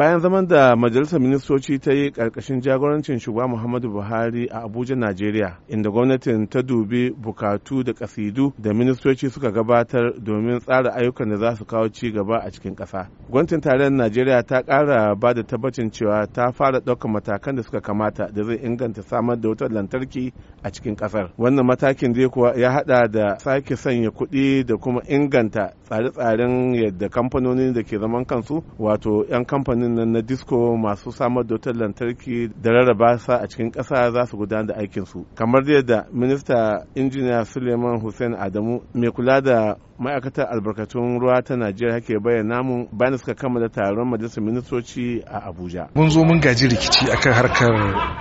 bayan zaman da majalisar ministoci ta yi ƙarƙashin jagorancin shugaba muhammadu buhari a abuja najeriya inda gwamnatin ta dubi bukatu da kasidu da ministoci suka gabatar domin tsara ayyukan da za su kawo ci gaba a cikin ƙasa gwamnatin tarayyar najeriya ta ƙara ba da tabbacin cewa ta fara ɗaukar matakan da suka kamata da zai inganta samar da wutar lantarki a cikin ƙasar wannan matakin zai kuwa ya haɗa da sake sanya kuɗi da kuma inganta tsare-tsaren yadda kamfanoni da ke zaman kansu wato 'yan kamfanin nan na disco masu samar da wutar lantarki da rarraba sa a cikin ƙasa za su gudanar da aikinsu kamar yadda minista injiniya suleiman hussein adamu mai kula da ma'aikatar albarkatun ruwa ta najeriya ke bayyana mu bayan suka kammala taron majalisar ministoci a abuja mun zo mun gaji rikici akan harkar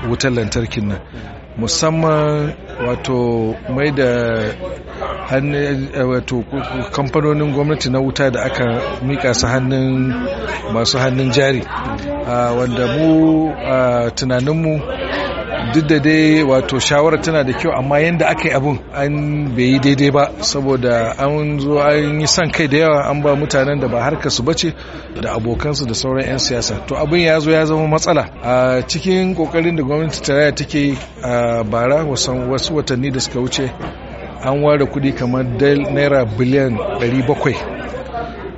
wutar lantarkin nan musamman wato mai da Eh, wato kamfanonin gwamnati na wuta da aka mika su hannun masu hannun jari ah, wanda mu ah, tunaninmu duk da dai wato shawara tana da kyau amma yadda aka yi abun an bai yi daidai ba saboda an zo an yi son kai da yawa an ba mutanen da ba harka su bace da abokansu da sauran 'yan siyasa to abin ya zo ya zama matsala a ah, cikin kokarin da gwamnati raya take a bara wasu watanni da suka wuce an ware kuɗi kamar naira biliyan 700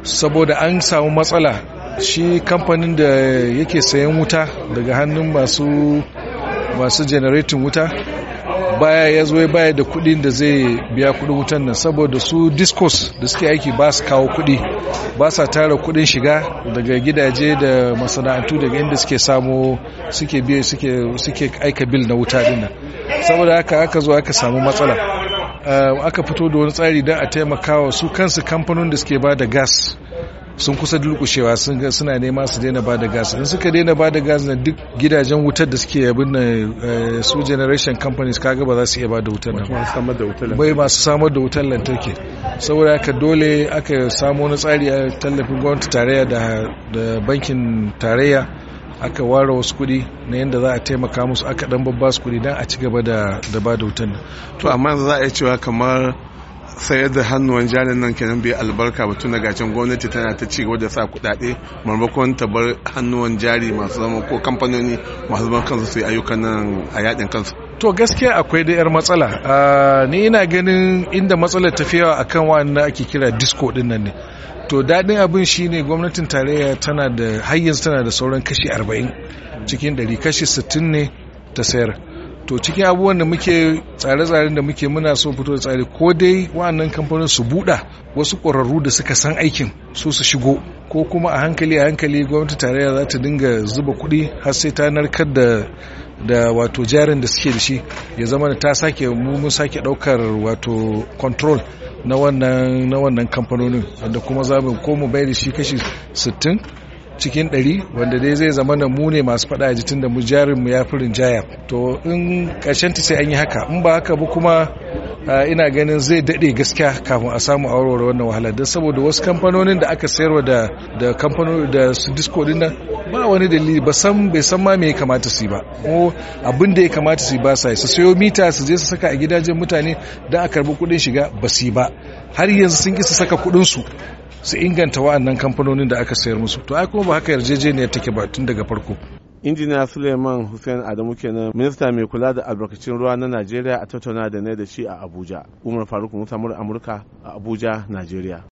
saboda an samu matsala shi kamfanin da yake sayan wuta daga hannun masu masu wuta baya ya zo baya da kuɗin da zai biya kuɗin wutan nan saboda su discos da suke aiki ba su kawo kuɗi ba sa tara kuɗin shiga daga gidaje da masana'antu daga inda suke samo suke biya suke aika bil na wuta dinnan saboda haka aka zo aka samu matsala Eh, aka fito da wani tsari don a taimakawa su kansu kamfanin da suke ba da gas sun kusa dulkushewa suna nema su daina ba da gas in suka daina ba da gas na duk gidajen wutar da suke yabin na eh, su generation companies kaga ba za su iya ba da wutar nan bai masu samar da wutar lantarki saboda haka dole aka samu wani tsari a tallafin gwamnati tarayya da bankin tarayya aka ware wasu kuɗi na yadda za a taimaka musu aka dan babba su kuɗi don a ci gaba da ba da wutan to amma za a yi cewa kamar sayar da hannuwan jarin nan kenan bai albarka ba tuna gacin gwamnati tana ta ci da sa kudade maimakon ta bar hannuwan jari masu zama ko kamfanoni masu zama kansu su yi ayyukan nan a yadin kansu to gaskiya akwai da yar matsala ah, ni ina ganin inda matsalar tafiya akan wanda ake kira disco din nan ne to daɗin abin shine gwamnatin tarayya tana da hayyanzu tana da sauran kashi 40 cikin 100 kashi 60 ne ta sayar to cikin abubuwan da muke tsare-tsaren da muke muna so fito da tsare ko dai wa'annan kamfanin su buɗa wasu ƙwararru da suka san aikin su su shigo ko kuma a hankali a hankali gwamnati tarayya za ta dinga zuba kuɗi har sai ta narkar da da wato jarin da suke da shi ya zama da ta sake mu mun sake ɗaukar wato control na wannan na wannan kamfanonin wanda kuma za mu ko mu bayar da shi kashi 60 cikin ɗari wanda dai zai zama na mu ne masu faɗa a jitin da mu ya fi rinjaya to in ƙarshen ta sai an yi haka in ba haka ba kuma ina ganin zai daɗe gaskiya kafin a samu aurora wannan wahala don saboda wasu kamfanonin da aka sayarwa da da da su disco din nan ba wani dalili ba san bai san ma me ya kamata su yi ba ko abin da ya kamata su yi ba sai su sayo mita su je su saka a gidajen mutane da a karbi kuɗin shiga ba su yi ba har yanzu sun ki su saka kuɗin su su inganta wa'annan kamfanonin da aka sayar musu to ai kuma ba haka yarjejeniyar take ba tun daga farko injiniya suleiman hussein adamu kenan minista mai kula da albarkacin ruwa na najeriya a tattauna da ne da shi a abuja umar faruk musa amurka a abuja najeriya